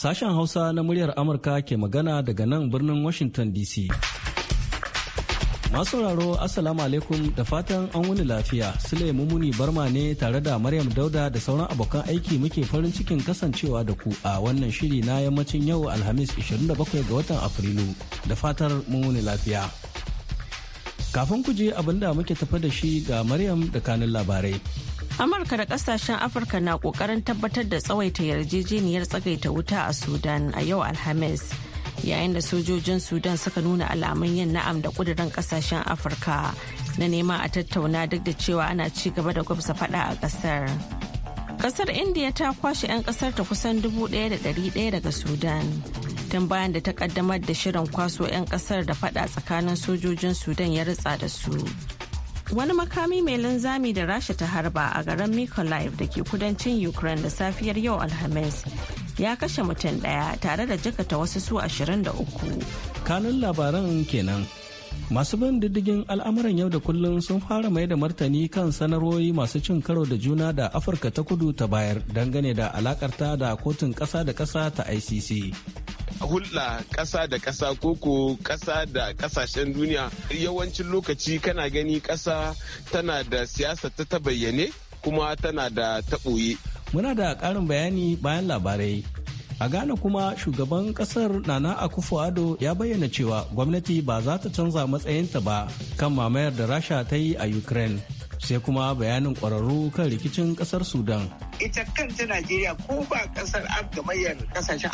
Sashen Hausa na muryar Amurka ke magana daga nan birnin Washington DC. Masu sauraro, Assalamu alaikum da fatan an wuni lafiya. Sule Mumuni Barma ne tare da Maryam Dauda da sauran abokan aiki muke farin cikin kasancewa da ku a wannan shiri na yammacin yau Alhamis 27 ga watan Afrilu. Da fatar mun lafiya. Kafin ku je abin da muke tafa da shi ga Maryam da kanin labarai. amurka da kasashen afirka na kokarin tabbatar da tsawaita yarjejeniyar tsagaita wuta a sudan a yau alhamis yayin da sojojin sudan suka nuna alamun yin na'am da kudirin kasashen afirka na nema a tattauna duk da cewa ana ci gaba da gwamsa fada a kasar kasar india ta kwashe 'yan kasar ta kusan 1,100 daga sudan tun bayan da ta kaddamar da shirin kwaso 'yan kasar da fada tsakanin sojojin sudan ya ritsa da su wani makami mai linzami da rasha ta harba a garin mikolaiv da ke kudancin ukraine da safiyar yau alhamis ya kashe mutum daya tare da jikata wasu su 23 kanun labaran kenan masu bin diddigin al'amuran yau da kullum sun fara mai da martani kan sanarwoyi masu cin karo da juna da afirka ta kudu ta bayar dangane da alakarta da kotun kasa da kasa ta icc hulɗa ƙasa da ƙasa koko ƙasa da ƙasashen duniya yawancin lokaci kana gani ƙasa tana da siyasa ta ta bayyane kuma tana da taɓoye. Muna da ƙarin bayani bayan labarai. A Ghana kuma shugaban ƙasar Nana Akufo-Addo ya bayyana cewa gwamnati ba za ta canza matsayinta ba kan mamayar da Rasha ta yi a Ukraine. sai kuma bayanin ƙwararru kan rikicin ƙasar sudan ita kanta najeriya ko ba kasar gamayyar kasashen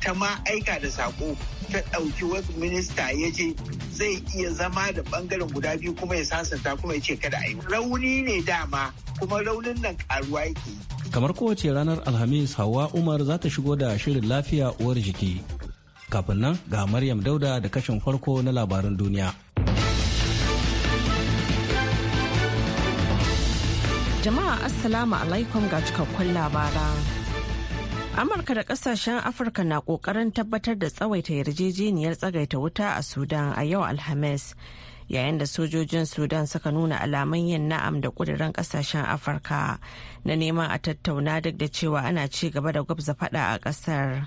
ta ma aika da sako ta ɗauki wasu minista ya ce zai iya zama da bangaren guda biyu kuma ya sasanta kuma ya ce kada a yi rauni ne dama kuma raunin nan karuwa yake kamar kowace ranar alhamis hawa umar za ta shigo da shirin lafiya uwar jiki kafin nan ga maryam dauda da kashin farko na labaran duniya Jama'a Assalamu alaikum ga cikakkun labaran. Amurka da kasashen Afirka na kokarin tabbatar da tsawaita yarjejeniyar tsagaita wuta a Sudan a yau Alhamis. Yayin da sojojin Sudan suka nuna alaman yin na'am da kudirin kasashen Afirka na neman a tattauna duk da cewa ana ci gaba da gwabza fada a kasar.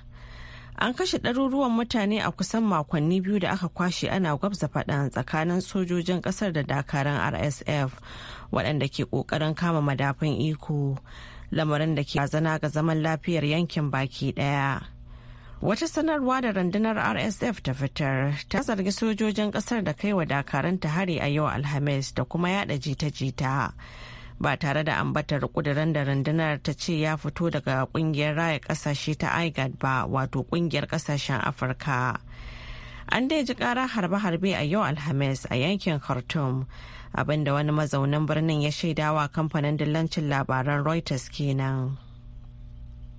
An kashe ɗaruruwan mutane a kusan makonni biyu da aka kwashe ana gwabza faɗan tsakanin sojojin kasar da dakaran RSF waɗanda ke ƙoƙarin kama madafun iko lamarin da ke zana ga zaman lafiyar yankin baki ɗaya. Wata sanarwa da rundunar RSF ta fitar ta zargi sojojin ƙasar da kai wa dakaranta hari a yau Alhamis da kuma yada jita-jita. ba tare da ambatar kudirin da rundunar ta ce ya fito daga ƙungiyar raya kasashe ta igad ba wato ƙungiyar ƙasashen afirka an dai ji ƙara harbe-harbe a yau alhamis a yankin khartoum abinda wani mazaunin birnin ya shaidawa kamfanin dillancin labaran reuters kenan.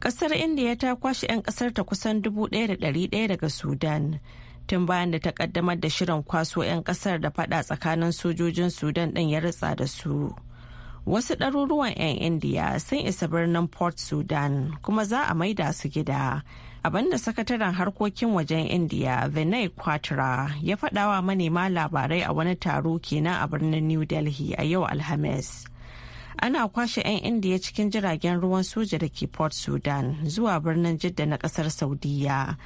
Ƙasar india ta kwashe 'yan ƙasar ta kusan 1,100 daga sudan tun bayan da ta kaddamar da shirin kwaso 'yan ƙasar da fada tsakanin sojojin sudan ɗin ya ritsa da su wasu ɗaruruwan 'yan Indiya sun isa birnin port sudan kuma za a maida su gida abinda sakataren harkokin wajen india vinay kwatra ya faɗawa manema labarai a wani taro kenan a birnin new delhi a yau alhamis ana kwashe 'yan indiya cikin jiragen ruwan soja da ke port sudan zuwa birnin jidda na kasar saudiya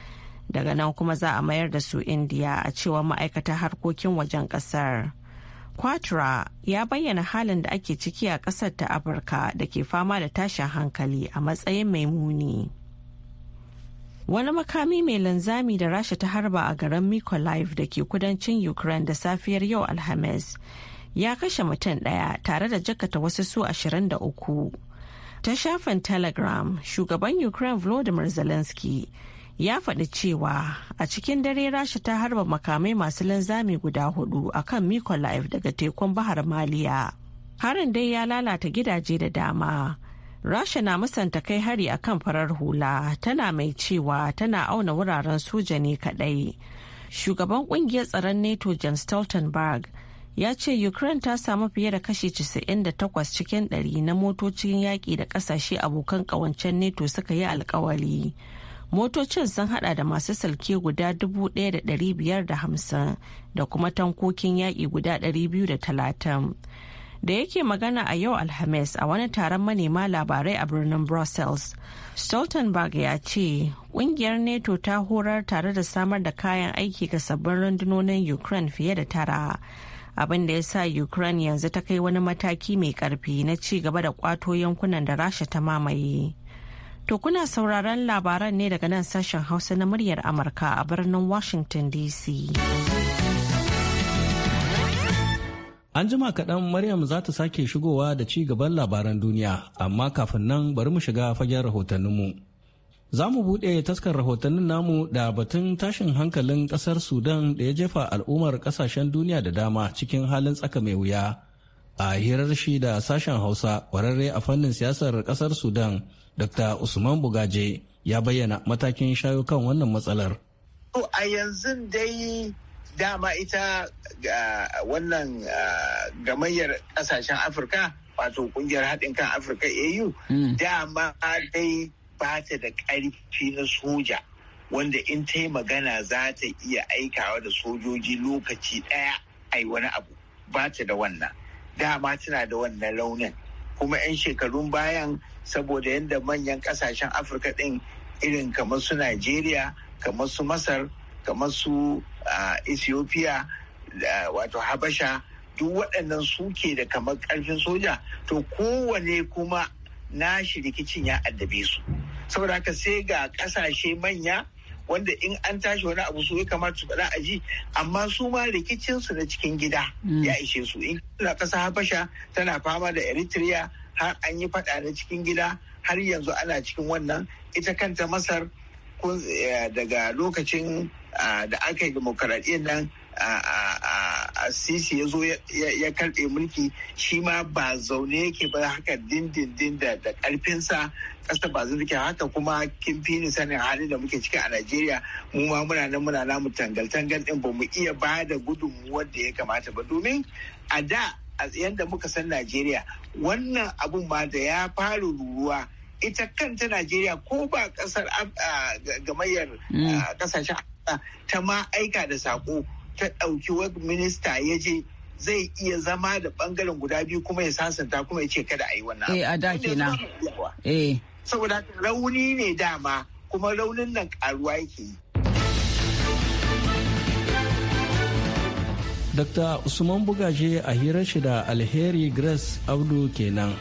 daga nan kuma za a mayar da su indiya a cewa ma'aikatar harkokin wajen kasar Quatra ya bayyana halin da ake ciki a kasar ta Afirka da ke fama da tashin hankali a matsayin mai muni. Wani makami mai linzami da Rasha ta harba a garin Mykolaiv da ke kudancin Ukraine da safiyar yau Alhamis ya kashe mutum ɗaya tare da jakata wasu su 23. Ta shafin Telegram, shugaban Ukraine Volodymyr Zelensky ya faɗi cewa a cikin dare rasha ta harba makamai masu linzami guda hudu a kan Mykolaiv daga tekun bahar Maliya. Harin dai ya lalata gidaje da dama. Rasha na musanta kai hari a kan farar hula tana mai cewa tana auna wuraren soja ne kadai. Shugaban kungiyar tsaron NATO John Stoltenberg ya ce Ukraine ta samu fiye da kashi 98 cikin 100 na motocin yaƙi da ƙasashe abokan ƙawancen NATO suka yi alkawari. Motocin sun hada da masu salke guda 1,550 da kuma tankokin yaƙi guda 230. da yake magana a yau alhamis a wani taron manema labarai a birnin brussels stoltenberg ya ce kungiyar neto ta horar tare da samar da kayan aiki ga sabbin rundunonin ukraine fiye da tara abin da ya sa ukraine yanzu ta kai wani mataki mai karfi na ci gaba da kwato yankunan da rasha ta mamaye to kuna sauraron labaran ne daga nan sashen hausa na muryar amurka a birnin washington dc An jima kaɗan Maryam za ta sake shigowa da ci gaban labaran duniya, amma kafin nan bari mu shiga fagen rahotanninmu. Za mu buɗe taskar rahotannin namu da batun tashin hankalin ƙasar Sudan da ya jefa al'ummar ƙasashen duniya da dama cikin halin tsaka mai wuya. A hirar shi da sashen Hausa ƙwararre a fannin siyasar ƙasar Sudan, Dr. Usman Bugaje ya bayyana matakin shayo kan wannan matsalar. a yanzu dai dama ita wannan gamayyar kasashen afirka wato kungiyar haɗin kan afirka au hmm. dama dai ba ta da ƙarfi na soja wanda in ta yi magana za ta iya aikawa da sojoji lokaci ɗaya a yi wani abu ba ta da wannan dama tana da wannan launin kuma 'yan shekarun bayan saboda yadda manyan kasashen afirka ɗin irin kamar su najeriya kamar su masar kamar su ethiopia wato habasha duk waɗannan suke da kamar ƙarfin soja to kowane kuma nashi rikicin ya addabe su saboda haka sai ga ƙasashe manya wanda in an tashi wani abu su ya kamata su faɗa a ji amma su ma rikicinsu na cikin gida mm. ya ishe su in na ƙasa habasha tana fama da eritrea har an yi faɗa na cikin gida har yanzu ana cikin wannan ita kanta masar eh, daga lokacin da aka yi demokaradiyyar nan a sisi ya zo ya karɓe mulki shi ma ba zaune yake ba haka dindindin da ƙarfinsa ƙasa ba zai haka kuma kin fi ni sanin halin da muke ciki a Najeriya mu ma muna nan muna namu tangal-tangal ɗin ba mu iya ba da gudunmuwar da ya kamata ba domin a da a yadda muka san Najeriya wannan abun ma da ya faru ruruwa ita kanta Najeriya ko ba ƙasar gamayyar mm. ƙasashen ta ma aika da sako ta ɗauki web minista ya je zai iya zama da bangaren guda biyu kuma ya sasanta kuma ya ce kada a yi wannan eh a da kenan eh saboda rauni ne dama kuma raunin nan karuwa yake yi Dr. Usman Bugaje a hirar shi da Alheri Grace audu kenan.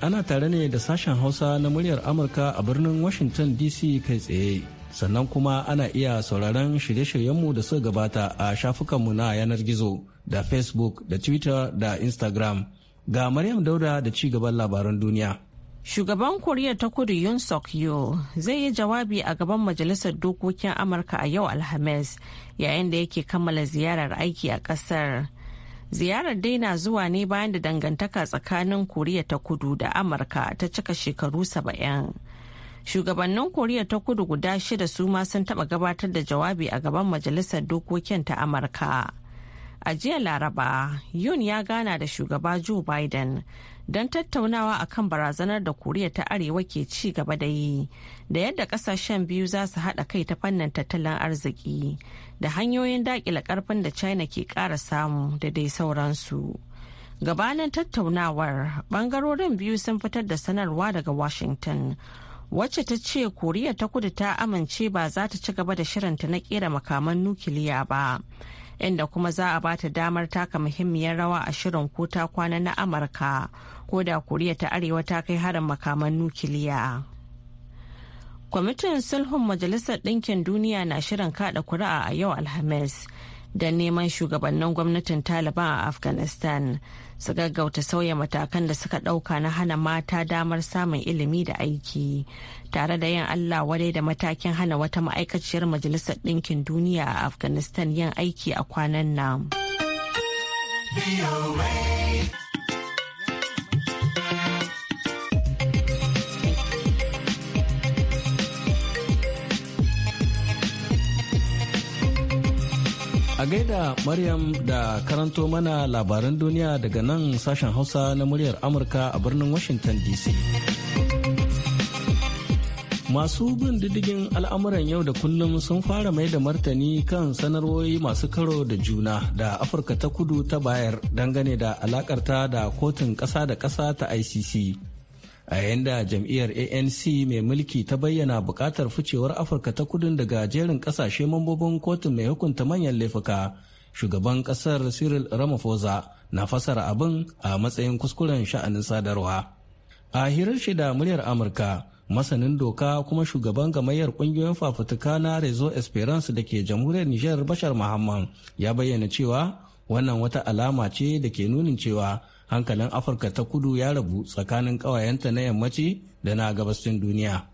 Ana tare ne da sashen Hausa na muryar Amurka a birnin Washington DC kai tsaye. sannan kuma ana iya sauraron shirye-shiryenmu da suka gabata a shafukanmu na yanar gizo da facebook da twitter da instagram ga maryam dauda da ci gaban labaran duniya shugaban koriya ta kudu yun sok yo zai yi jawabi a gaban majalisar dokokin amurka a yau alhamis yayin da yake kammala ziyarar aiki a kasar ziyarar dai na zuwa ne bayan da dangantaka tsakanin koriya ta kudu da amurka ta cika shekaru saba'in. shugabannin koriya ta kudu guda shida su ma sun taba gabatar da jawabi a gaban majalisar dokokin ta amurka a jiya laraba yun ya gana da shugaba joe biden don tattaunawa kan barazanar da koriya ta arewa ke ci gaba da yi da yadda kasashen biyu za su haɗa kai ta fannin tattalin arziki da hanyoyin daƙila ƙarfin da china ke ƙara samu da dai sauransu gabanin tattaunawar bangarorin biyu sun fitar da sanarwa daga washington wacce ta ce koriya ta kudu ta amince ba za ta ci gaba da shirinta na kera makaman nukiliya ba inda kuma za a ba ta damar taka muhimmiyar rawa a shirin ko ta kwana na amurka ko da koriya ta arewa ta kai harin makaman nukiliya kwamitin sulhun majalisar ɗinkin duniya na shirin kada kuri'a a yau alhamis da neman shugabannin gwamnatin taliban a afghanistan su gaggauta sauya matakan da suka ɗauka na hana mata damar samun ilimi da aiki tare da yin allah wadai da matakin hana wata ma'aikaciyar majalisar ɗinkin duniya a afghanistan yin aiki a kwanan nan. gaida Maryam da karanto mana labaran duniya daga nan sashen Hausa na muryar Amurka a birnin Washington DC. Masu bin diddigin al'amuran yau da kullum sun fara mai da martani kan sanarwoyi masu karo da juna da Afirka ta kudu ta bayar dangane da alakarta da kotun ƙasa da ƙasa ta ICC. a yayin da jam'iyyar anc mai mulki ta bayyana buƙatar ficewar afirka ta kudin daga jerin ƙasashe mambobin kotun mai hukunta manyan laifuka shugaban ƙasar cyril ramaphosa na fasara abin a matsayin kuskuren sha'anin sadarwa a hirar shi da muryar amurka masanin doka kuma shugaban gamayyar kungiyoyin fafutuka na rezo esperance da ke jamhuriyar nijar bashar muhammad ya bayyana cewa wannan wata alama ce da ke nunin cewa hankalin afirka ta kudu ya rabu tsakanin ƙawayenta na yammaci da na gabashin duniya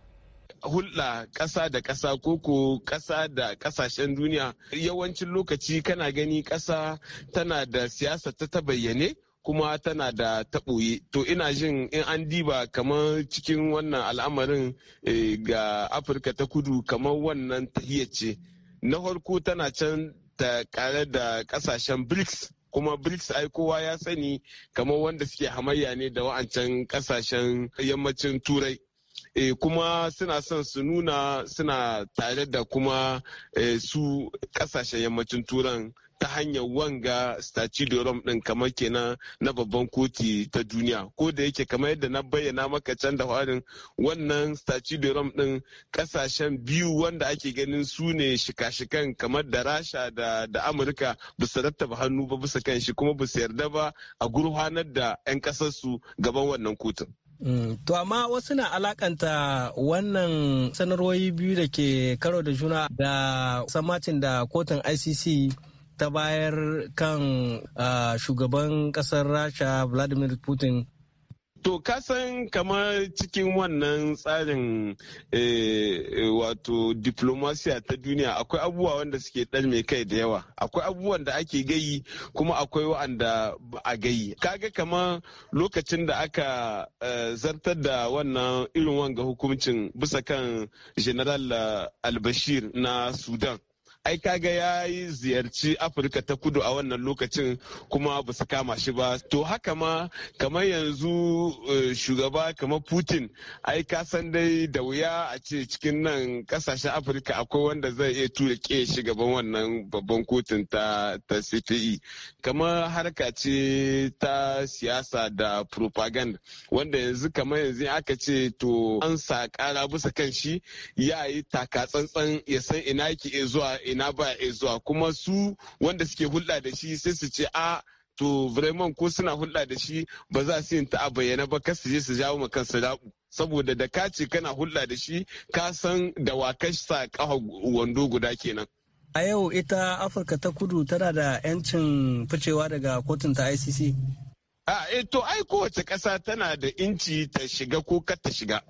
hulɗa ƙasa da ƙasa koko ƙasa da ƙasashen duniya yawancin lokaci kana gani ƙasa tana da siyasa ta ta bayyane kuma tana da taɓoye to ina jin in an diba kamar cikin wannan al'amarin eh, ga afirka ta kudu kamar wannan tahiyyace na farko tana can ta kare da ƙasashen brics kuma brics ai kowa ya sani kamar wanda suke hamayya ne da wa'ancan kasashen yammacin turai e, kuma suna son su nuna suna tare da kuma eh, su kasashen yammacin turan ta hanyar wanga statutorum din kamar kenan na babban koti ta duniya ko da yake kamar yadda na bayyana maka can da harin wannan statutorum din kasashen biyu wanda ake ganin su ne shika-shikan kamar da rasha da, amurka ba su rattaba hannu ba bisa kan shi kuma ba su yarda ba a gurhanar da 'yan kasarsu gaban wannan kotun. Mm. To amma wasu na alakanta wannan sanarwoyi biyu da ke karo da juna da samatin da kotun ICC ta bayar kan shugaban kasar rasha vladimir putin To kasan kamar cikin wannan tsarin eh, eh, wato diplomasiya ta duniya akwai abubuwa wanda suke ɗan mai kai da yawa. Akwai abubuwan da ake gayi kuma akwai wa'anda a gayi. Kaga kamar lokacin da aka eh, zartar da wannan irin wanga hukuncin bisa kan General Albashir na Sudan. ai kaga ya yi ziyarci afirka ta kudu a wannan lokacin kuma ba su kama shi ba to haka ma kamar yanzu eh, shugaba kamar putin ai ka san dai da wuya a ce cikin nan kasashen afirka akwai wanda zai iya tura ke shi gaban wannan babban kotun ta ta cpe kamar harka ce ta siyasa da propaganda wanda yanzu kamar yanzu aka ce to an sa kara bisa kan shi ya yi taka tsantsan ya san ina ki zuwa ina ba ya zuwa kuma su wanda suke hulɗa da shi sai su ce a to vraiment ko suna hulɗa da shi ba za su yin ta a bayyana ba kar su je su jawo ma kansu rabu saboda da ka ce kana hulɗa da shi ka san da sa ƙafa wando guda kenan a yau ita afirka ta kudu tana da 'yancin ficewa daga kotun ta icc a e to ai kowace ƙasa tana da inci ta shiga ko kar ta shiga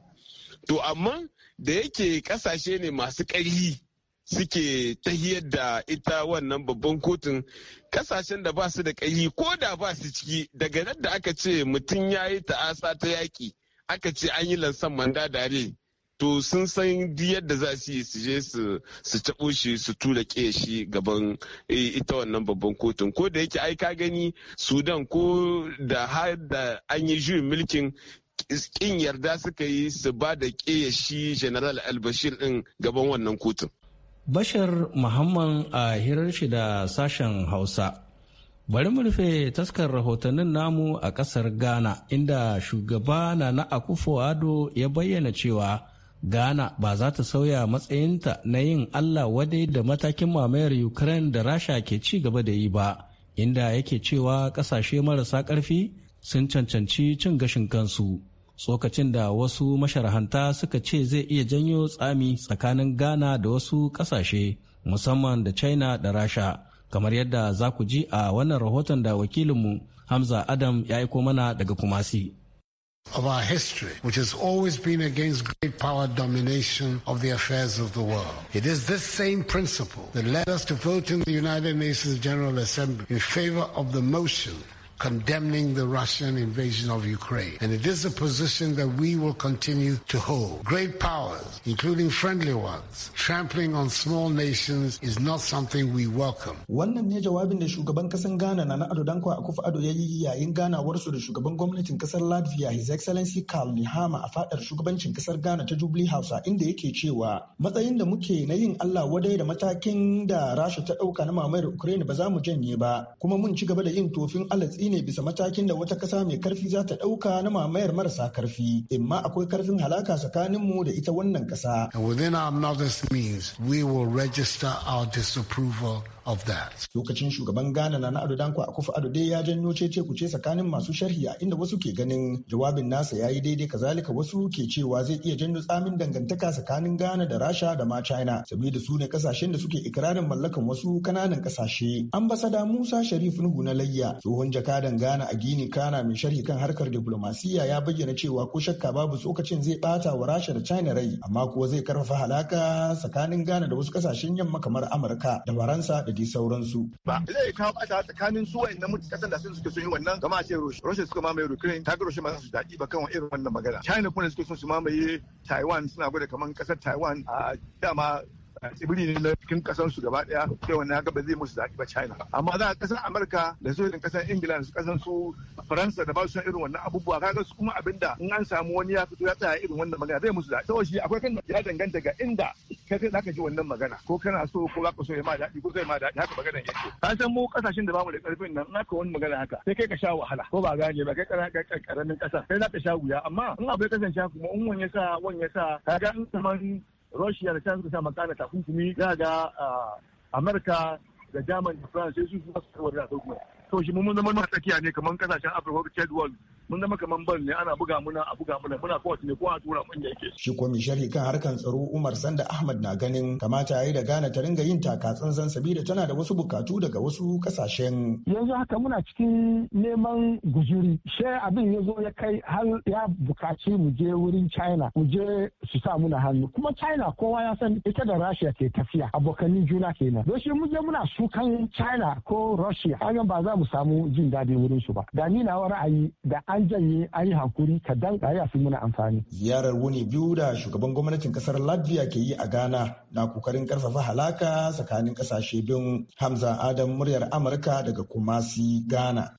to amma da yake ƙasashe ne masu ƙarfi suke tahiyar da ita wannan babban kotun kasashen da ba su da kayi ko da ba su ciki daga nan da aka ce mutum ya yi ta'asa ta yaki aka ce an yi lansan manda dare to sun san yadda za su yi su je su taɓo shi su tura shi gaban eh, ita wannan babban kotun ko da yake ai ka gani sudan ko da har da an yi juyin mulkin kin yarda suka yi su ba da shi general al-bashir din gaban wannan kotun Bashar Muhammad a hirar shi da sashen Hausa. Bari mu rufe taskar rahotannin namu a ƙasar Ghana inda shugaba na akufo Ado ya bayyana cewa Ghana ba za ta sauya matsayinta na yin Allah wadai da matakin mamayar Ukraine da Rasha ke ci gaba da yi ba, inda yake cewa ƙasashe marasa ƙarfi sun cancanci cin gashin kansu. tsokacin da wasu masharahanta suka ce zai iya janyo tsami tsakanin ghana da wasu kasashe musamman da china da rasha kamar yadda za ku ji a wannan rahoton da wakilinmu hamza adam ya aiko mana daga kumasi of our history, which has always been against great power domination of the affairs of the world. It is this same principle that led us to vote in the United Nations General Assembly in favor of the motion condemning the Russian invasion of Ukraine. And it is a position that we will continue to hold. Great powers, including friendly ones, trampling on small nations is not something we welcome. Wannan ne jawabin da shugaban kasan Ghana na na Ado Danko Akufo Ado ya yi yayin ganawarsu da shugaban gwamnatin kasar Latvia His Excellency Karl Nihama a fadar shugabancin kasar Ghana ta Jubilee Hausa inda yake cewa matsayin da muke na yin Allah wadai da matakin da Rasha ta dauka na mamayar Ukraine ba za mu janye ba kuma mun ci gaba da yin tofin alatsi gargaɗi ne bisa matakin da wata ƙasa mai karfi za ta ɗauka na mamayar marasa karfi imma akwai karfin halaka tsakanin mu da ita wannan ƙasa. Within our means, we will register our disapproval of that. Lokacin shugaban Ghana na Ado Danko Akufo Ado dai ya janyo cece ce tsakanin masu sharhi a inda wasu ke ganin jawabin nasa ya yi daidai kazalika wasu ke cewa zai iya janyo tsamin dangantaka tsakanin Ghana da Rasha da ma China saboda su ne kasashen da suke ikirarin mallakan wasu kananan kasashe. Ambasada Musa Sharif Nuhu na Layya tsohon jakadan Ghana a Gini Kana mai sharhi kan harkar diplomasiya ya bayyana cewa ko shakka babu tsokacin zai bata wa Rasha da China rai amma kuwa zai karfafa halaka tsakanin Ghana da wasu kasashen yamma kamar Amurka da Faransa da dai sauransu. Ba zai kawo bata tsakanin su mutu, kasan da suke son yi wannan gama ce Russia suka mamaye Ukraine ta ga Russia ma su daɗi ba kan irin wannan magana. China kuma suke son su mamaye Taiwan suna gwada kamar kasar Taiwan a dama tsibiri ne na cikin kasan su gaba daya sai wannan haka ba zai musu zaki ba China amma za a kasar Amurka da su irin kasar Ingila da su kasar su Faransa da ba su san irin wannan abubuwa kaga su kuma abinda in an samu wani ya fito ya tsaya irin wannan magana zai musu zaki saboda shi akwai kan ya danganta ga inda kai kai zaka ji wannan magana ko kana so ko zaka so ya ma daɗi ko zai ma daɗi haka magana yake ka san mu kasashen da bamu da karfin nan na ka wani magana haka sai kai ka sha wahala ko ba gane ba kai karamin kasa sai zaka sha wuya amma in abu ya kasance kuma in wani ya sa wani ya sa kaga in kaman Russia da China suka sa makana takunkumi za ga Amerika da German da France sai su su sa da to shi mun zama masu tsakiya ne kamar kasashen afirka third world mun zama kamar ban ne ana buga muna a buga muna muna kowace ne kowa tura mun da yake shi ko shari kan harkan tsaro umar sanda ahmad na ganin kamata yayi da gana ta ringa yin taka tsantsan sabida tana da wasu bukatu daga wasu kasashen yanzu haka muna cikin neman gujiri shi abin ya zo ya kai har ya bukaci mu je wurin china mu je su sa muna hannu kuma china kowa ya san ita da russia ke tafiya abokanin juna kenan don shi mun je muna sukan china ko russia hagan ba za za mu samu jin daɗi wurin su ba da ni na ra'ayi da an janye an yi hankuri ka dan ya fi muna amfani ziyarar wuni biyu da shugaban gwamnatin kasar latvia ke yi a ghana na kokarin karfafa halaka tsakanin ƙasashe bin hamza adam muryar amurka daga kumasi ghana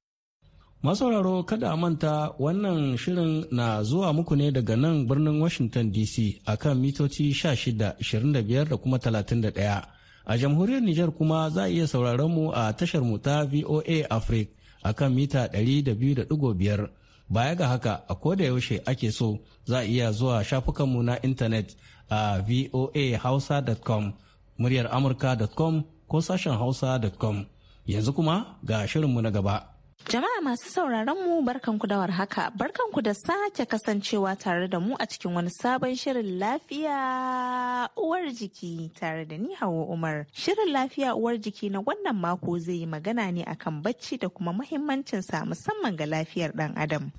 Masauraro kada a manta wannan shirin na zuwa muku ne daga nan birnin Washington DC akan mitoci 16, 25 da kuma 31. A jamhuriyar Nijar kuma za a iya sauraron mu a tashar mu ta VOA Africa a kan mita 200.5. Baya ga haka a koda yaushe ake so za a iya zuwa shafukanmu na intanet a voahausa.com, muryar amurka.com ko sashen hausa.com. Yanzu kuma ga shirinmu na gaba. Jama'a masu sauraron mu barkanku da warhaka, barkanku da sake kasancewa tare da mu a cikin wani sabon shirin lafiya uwar jiki tare da ni hawa Umar. Shirin lafiya uwar jiki na wannan mako zai yi magana ne akan bacci da kuma sa musamman ga lafiyar ɗan adam.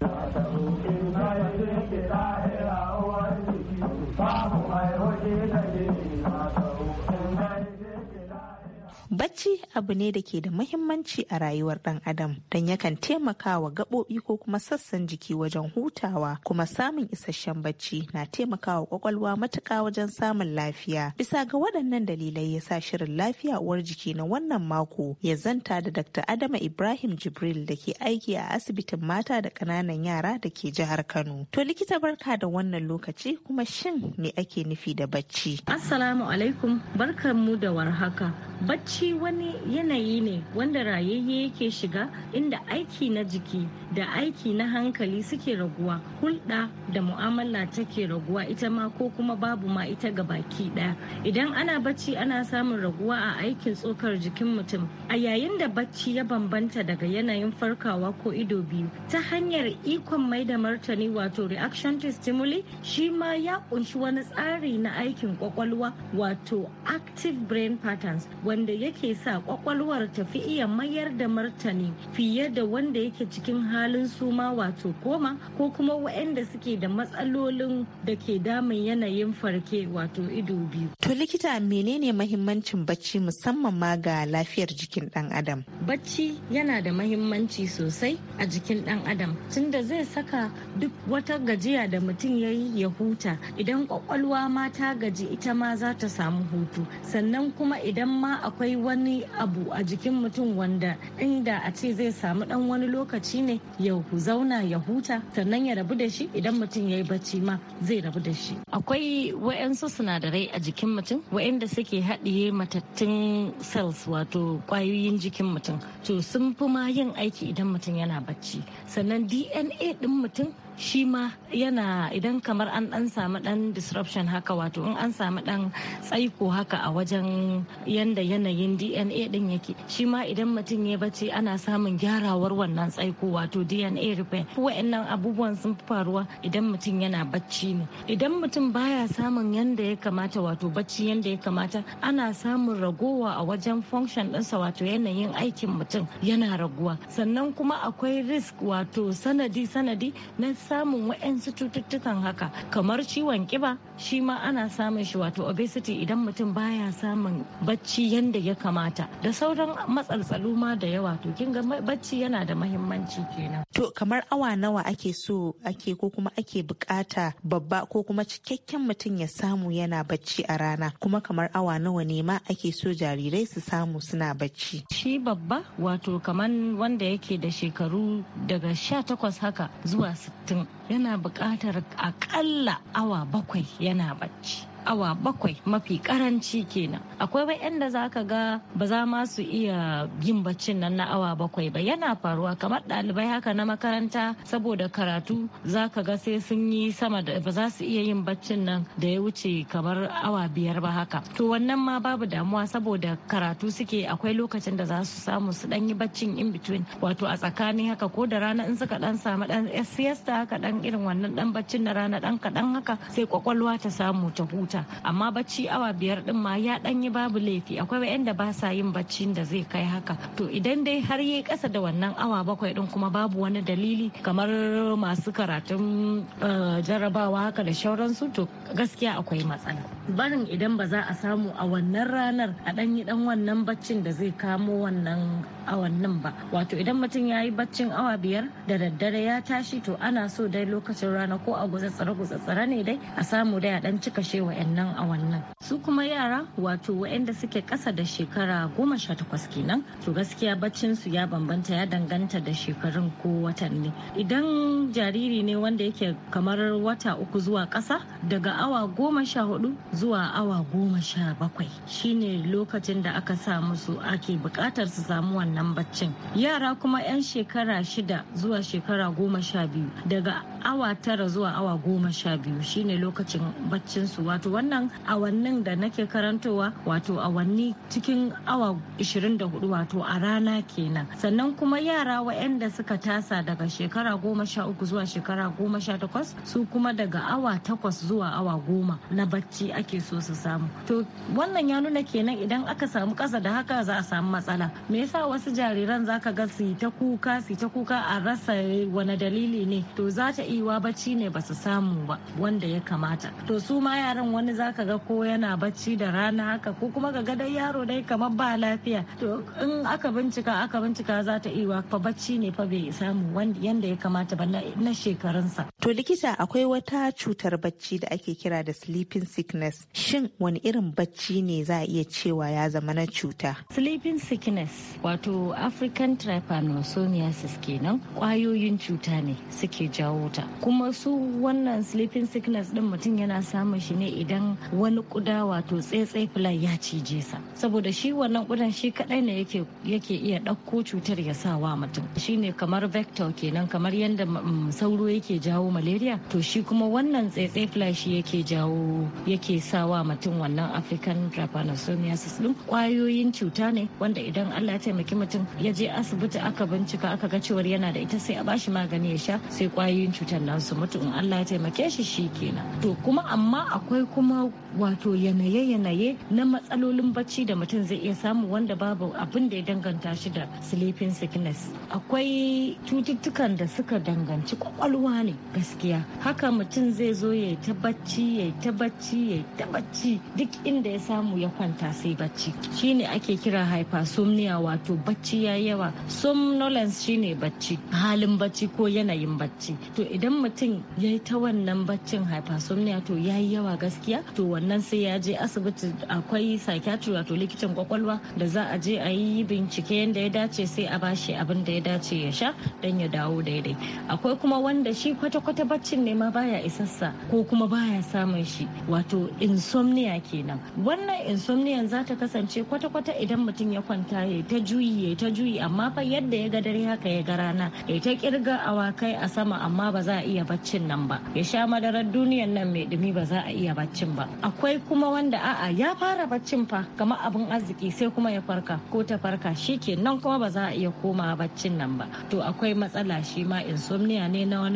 Bacci abu ne da ke da muhimmanci a rayuwar ɗan adam don yakan taimaka wa gaɓoɓi ko kuma sassan jiki wajen hutawa kuma samun isasshen bacci na taimakawa kwakwalwa matuka wajen samun lafiya. Bisa ga waɗannan dalilai ya sa shirin lafiya uwar jiki na wannan mako ya zanta da Dr. Adama Ibrahim Jibril da ke aiki a asibitin mata da ƙananan yara da ke jihar Kano. To likita barka da wannan lokaci kuma shin me ake nufi da bacci? Assalamu alaikum barkanmu da warhaka. Bacci shi wani yanayi ne wanda rayayye yake shiga inda aiki na jiki da aiki na hankali suke raguwa hulɗa da mu'amala take raguwa ita ma ko kuma babu ma ita ga baki ɗaya idan ana bacci ana samun raguwa a aikin tsokar jikin mutum a yayin da bacci ya bambanta daga yanayin farkawa ko ido biyu ta hanyar ikon mai da martani wato reaction to stimuli shi ma ya kunshi wani tsari na aikin kwakwalwa wato active brain patterns wanda yake yake sa kwakwalwar fi iya mayar da martani fiye da wanda yake cikin halin suma wato koma ko kuma waɗanda suke da matsalolin da ke damun yanayin farke wato ido biyu. To likita menene mahimmancin bacci musamman ma ga lafiyar jikin ɗan adam? Bacci yana da mahimmanci sosai a jikin ɗan adam tunda zai saka duk wata gajiya da mutum ya yi ya huta idan kwakwalwa ma ta gaji ita ma za ta samu hutu sannan kuma idan ma akwai wani abu a jikin mutum wanda inda a ce zai samu dan wani lokaci ne ya zauna ya huta sannan ya rabu da shi idan mutum ya yi bacci ma zai rabu da shi akwai wa'yansu sinadarai a jikin mutum wa'yanda suke haɗiye matattun cells wato kwayoyin jikin mutum to sun fi ma yin aiki idan mutum yana bacci sannan dna ɗin mutum shi ma yana idan kamar an dan samu dan disruption haka wato in an samu dan tsaiko haka a wajen yanda yanayin dna din yake shi ma idan mutum ya bace ana samun gyarawar wannan tsaiko wato dna repair wa'annan abubuwan sun fi faruwa idan mutum yana bacci ne idan mutum baya samun yanda ya kamata wato bacci yanda ya kamata ana samun ragowa a wajen function ɗinsa wato yanayin aikin mutum yana raguwa sannan kuma akwai risk wato sanadi sanadi na samun wa'yansu cututtukan haka kamar ciwon kiba shi ma ana samun shi wato obesity idan mutum baya samun bacci yanda ya kamata da sauran matsaltsalu ma da yawa to kin ga bacci yana da mahimmanci kenan to kamar awa nawa ake so ake ko kuma ake bukata babba ko kuma cikakken mutum ya samu yana bacci a rana kuma kamar awa nawa ne ma ake so jarirai su samu suna bacci shi babba wato kamar wanda yake da shekaru daga 18 haka zuwa 60 yana bukatar akalla awa bakwai yana bacci awa bakwai mafi karanci kenan akwai yanda za ka ga ba za ma su iya yin baccin nan na awa bakwai ba yana faruwa kamar ɗalibai haka na makaranta saboda karatu za ka ga sai sun yi sama da ba za su iya yin baccin nan da ya wuce kamar awa biyar ba haka to wannan ma babu damuwa saboda karatu suke akwai lokacin da za su samu su ɗan yi baccin in between wato a tsakani haka ko da rana in suka ɗan samu ɗan siesta haka ɗan irin wannan dan baccin na rana ɗan kaɗan haka sai kwakwalwa ta samu ta huta bukata amma bacci awa biyar din ma ya dan yi babu laifi akwai wayanda ba sa yin bacci da zai kai haka to idan dai har yi kasa da wannan awa bakwai din kuma babu wani dalili kamar masu karatun eh, jarabawa haka da shauransu to gaskiya akwai matsala barin idan ba za a samu a wannan ranar a dan yi dan wannan baccin da zai kamo wannan awannin ba wato idan mutum ya yi baccin awa biyar da daddare ya tashi to ana so dai lokacin rana ko a gutsatsare gutsatsare ne dai a samu dai a dan cika she wa'annan awannin su kuma yara wato wa'anda suke kasa da shekara goma sha takwas kenan to gaskiya baccin su ya bambanta ya danganta da shekarun ko watanni idan jariri ne wanda yake kamar wata uku zuwa kasa daga awa goma sha hudu zuwa awa goma sha bakwai shine lokacin da aka sa musu ake bukatar su samu wannan nan baccin yara kuma 'yan shekara shida zuwa shekara goma sha biyu daga awa tara zuwa awa goma sha biyu shine lokacin baccinsu su wato wannan awannin da nake karantowa wato awanni cikin awa 24 wato a rana kenan sannan kuma yara waɗanda suka tasa daga shekara goma sha uku zuwa shekara goma sha takwas su kuma daga awa takwas zuwa awa goma na bacci ake so su samu to wannan ya nuna kenan idan aka samu ƙasa da haka za a samu matsala me yasa wasu jariran zaka ga su ta kuka su ta kuka a rasa wani dalili ne to za ta iwa bacci ne ba su samu ba wanda ya kamata to su ma yaran wani zaka ga ko yana bacci da rana haka ko kuma ga gadon yaro dai kamar ba lafiya to in aka bincika aka bincika za ta iwa fa bacci ne fa bai samu yanda ya kamata ba na shekarunsa to likita akwai wata cutar bacci da ake kira da sleeping sickness shin wani irin bacci ne za a iya cewa ya zama na cuta sleeping sickness wato african trypanosomiasis kenan kwayoyin cuta ne suke jawo ta ta kuma su wannan sleeping sickness din mutum yana samun shi ne idan wani kuda wato tsetse fly ya cije sa saboda shi wannan kudan shi kadai ne yake iya ɗauko cutar ya sa wa mutum shi ne kamar vector kenan kamar yadda sauro yake jawo malaria to shi kuma wannan tsetse fly shi yake jawo yake sa wa mutum wannan african trypanosomiasis din kwayoyin cuta ne wanda idan Allah ya taimaki mutum ya je asibiti aka bincika aka ga cewar yana da ita sai a bashi magani ya sha sai kwayoyin cuta wutar nan su mutu in Allah ya taimake shi shi kenan to kuma amma akwai kuma wato yanaye-yanaye na matsalolin bacci da mutum zai iya samu wanda babu abin da ya danganta shi da sleeping sickness akwai cututtukan da suka danganci kwakwalwa ne gaskiya haka mutum zai zo ya ta bacci ya ta bacci ya ta bacci duk inda ya samu ya kwanta sai bacci shine ake kira hypersomnia wato bacci ya yawa somnolence shine bacci halin bacci ko yanayin bacci to idan mutum ya yi ta wannan baccin hypersomnia to ya yi yawa gaskiya to wannan sai ya je asibiti akwai psychiatry wato likitan kwakwalwa da za a je a yi bincike yadda ya dace sai a ba shi abin da ya dace ya sha dan ya dawo daidai akwai kuma wanda shi kwata-kwata baccin ne ma baya isassa ko kuma baya samun shi wato insomnia kenan wannan insomnia za ta kasance kwata-kwata idan mutum ya kwanta ya ta juyi ya ta juyi amma fa yadda ya ga dare haka ya ga rana ya ta kirga awakai a sama amma ba za a iya baccin nan ba ya sha madarar duniyan nan mai dumi ba za a iya baccin ba akwai kuma wanda a'a ya fara baccin fa kama abin arziki sai kuma ya farka ko ta farka shi nan kuma ba za a iya koma baccin nan ba to akwai matsala shi ma insomnia ne na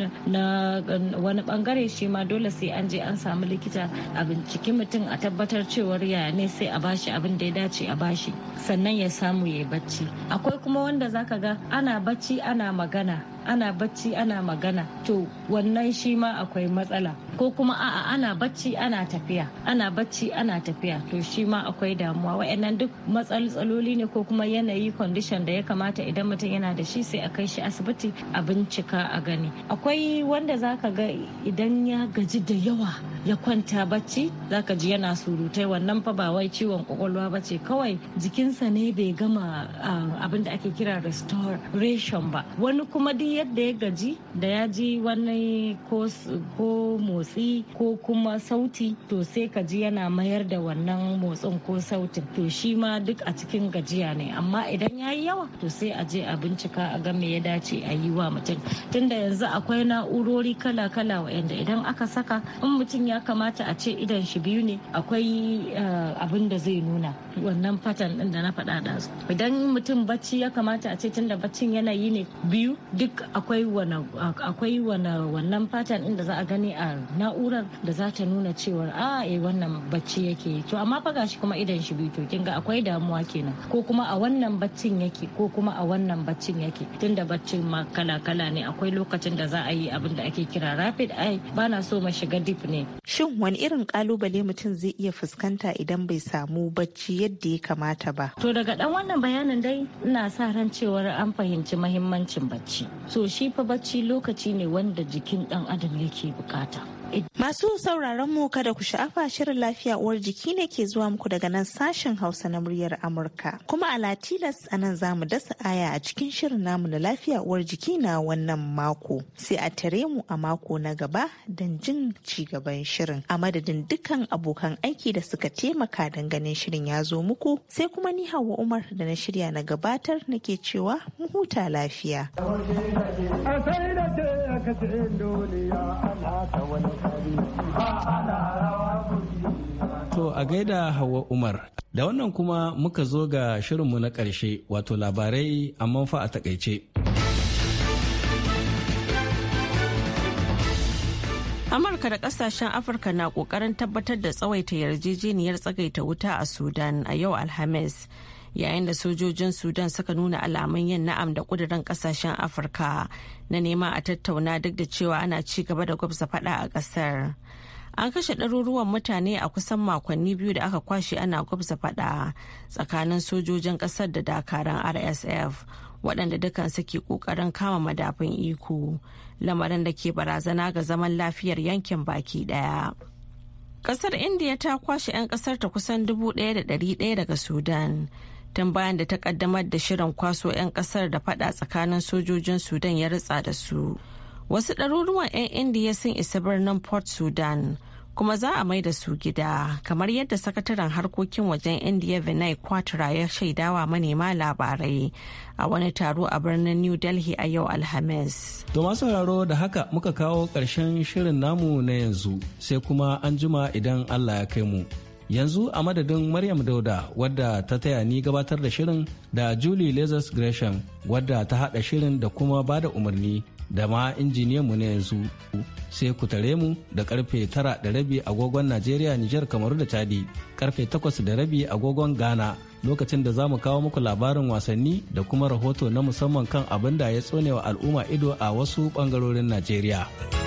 wani bangare shi ma dole sai an je an samu likita a binciki mutum a tabbatar cewar yaya ne sai a bashi abin da ya dace a bashi sannan ya samu ya yi bacci akwai kuma wanda zaka ga ana bacci ana magana ana bacci ana magana to wannan shi ma akwai matsala ko kuma a'a ana bacci ana tafiya ana bacci ana tafiya to shi ma akwai damuwa wa'annan duk matsaloli ne ko kuma yanayi condition da ya kamata idan mutum yana da shi sai a kai shi asibiti a bincika a gani akwai wanda zaka ga idan ya gaji da yawa ya kwanta bacci zaka ji yana surutai wannan fa ba wai ciwon kwakwalwa ba ce kawai jikinsa ne bai gama ah, abin da ake kira restoration ba wani kuma duk yadda ya gaji da ya ji wani ko motsi ko kuma sauti to sai ka ji yana mayar da wannan motsin ko sautin to shi ma duk a cikin gajiya ne amma idan ya yi yawa to sai a je a bincika a ga me ya dace a yi wa mutum tunda yanzu akwai na'urori kala-kala wa'anda idan aka saka in mutum ya kamata a ce idan shi biyu ne akwai eh, abin da zai nuna wannan fatan din da na faɗa da idan mutum bacci ya kamata a ce tunda baccin yanayi ne biyu duk akwai wannan fatan inda za a gani a na'urar da za ta nuna cewar a eh wannan bacci yake to amma fa shi kuma idan shi biyu to kinga akwai damuwa kenan ko kuma a wannan baccin yake ko kuma a wannan baccin yake tunda baccin ma kala kala ne akwai lokacin da za a yi abin da ake kira rapid eye bana so ma shiga deep ne shin wani irin kalubale mutum zai iya fuskanta idan bai samu bacci yadda ya kamata ba to daga dan wannan bayanin dai ina sa ran cewar an fahimci mahimmancin bacci so shi fa bacci lokaci ne wanda jikin dan adam yake bukata Masu sauraron mu kada ku sha'afa shirin lafiya uwar jiki ne ke zuwa muku daga nan sashen Hausa na muryar Amurka. Kuma a Latilas a nan za mu dasa aya a cikin shirin namu na lafiya uwar jiki na wannan mako. Sai a tare mu a mako na gaba don jin ci gaban shirin. A madadin dukkan abokan aiki da suka taimaka don ganin shirin ya zo muku sai kuma ni Hauwa Umar da na shirya na gabatar nake cewa mu huta lafiya. To a gaida Hauwa Umar. Da wannan kuma muka zo ga shirinmu na ƙarshe wato labarai amma fa a takaice. Amurka da ƙasashen Afirka na ƙoƙarin tabbatar da tsawaita yarjejeniyar tsagaita wuta a Sudan a yau Alhamis. yayin da sojojin sudan suka nuna alamun yin na'am da kudirin kasashen afirka na neman a tattauna duk da cewa ana ci gaba da gwabza fada a kasar an kashe ɗaruruwan mutane a kusan makonni biyu da aka kwashe ana gwabza fada tsakanin sojojin kasar da dakaran rsf waɗanda dukan suke ƙoƙarin kama madafin iko lamarin da ke barazana ga zaman lafiyar yankin baki ɗaya. kasar Indiya ta kwashe 'yan kasar ta kusan 1,100 daga Sudan tun bayan da ta kaddamar da shirin kwaso 'yan kasar da fada tsakanin sojojin sudan ya ritsa da su wasu ɗaruruwan 'yan indiya sun isa birnin port sudan kuma za a mai da su gida kamar yadda sakataren harkokin wajen indiya vinay kwatra ya shaidawa manema labarai a wani taro a birnin new delhi a yau alhamis to masu sauraro da haka muka kawo ƙarshen shirin namu na yanzu sai kuma an jima idan allah ya kai mu yanzu a madadin maryam dauda wadda ta taya ni gabatar da shirin da julie lazarus gresham wadda ta hada shirin da kuma ba da umarni da ma mu na yanzu sai ku tare mu da karfe tara da rabi agogon najeriya nijar kamaru da chadi karfe takwas da rabi agogon ghana lokacin da za mu kawo muku labarin wasanni da kuma rahoto na musamman kan abin da ya tsonewa al'umma ido a wasu bangarorin najeriya.